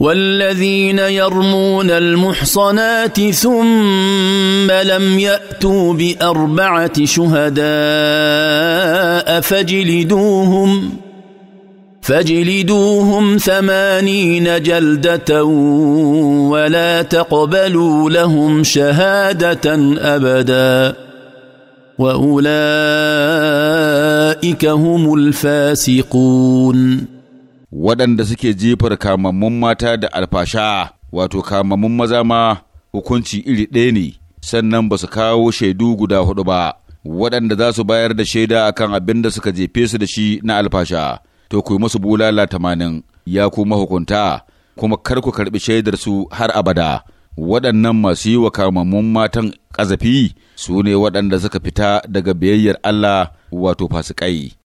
والذين يرمون المحصنات ثم لم ياتوا باربعه شهداء فجلدوهم فاجلدوهم ثمانين جلده ولا تقبلوا لهم شهاده ابدا واولئك هم الفاسقون waɗanda suke jefar kamammun mata da alfasha wato kamammun maza ma hukunci iri ɗaya ne sannan ba su kawo shaidu guda hudu ba waɗanda za su bayar da shaida akan abin da suka jefe su da shi na alfasha to ku yi musu bulala tamanin ya kuma hukunta kuma kar ku karɓi shaidar su har abada waɗannan masu yi wa kamammun matan ƙazafi su ne waɗanda suka fita daga biyayyar Allah wato fasikai.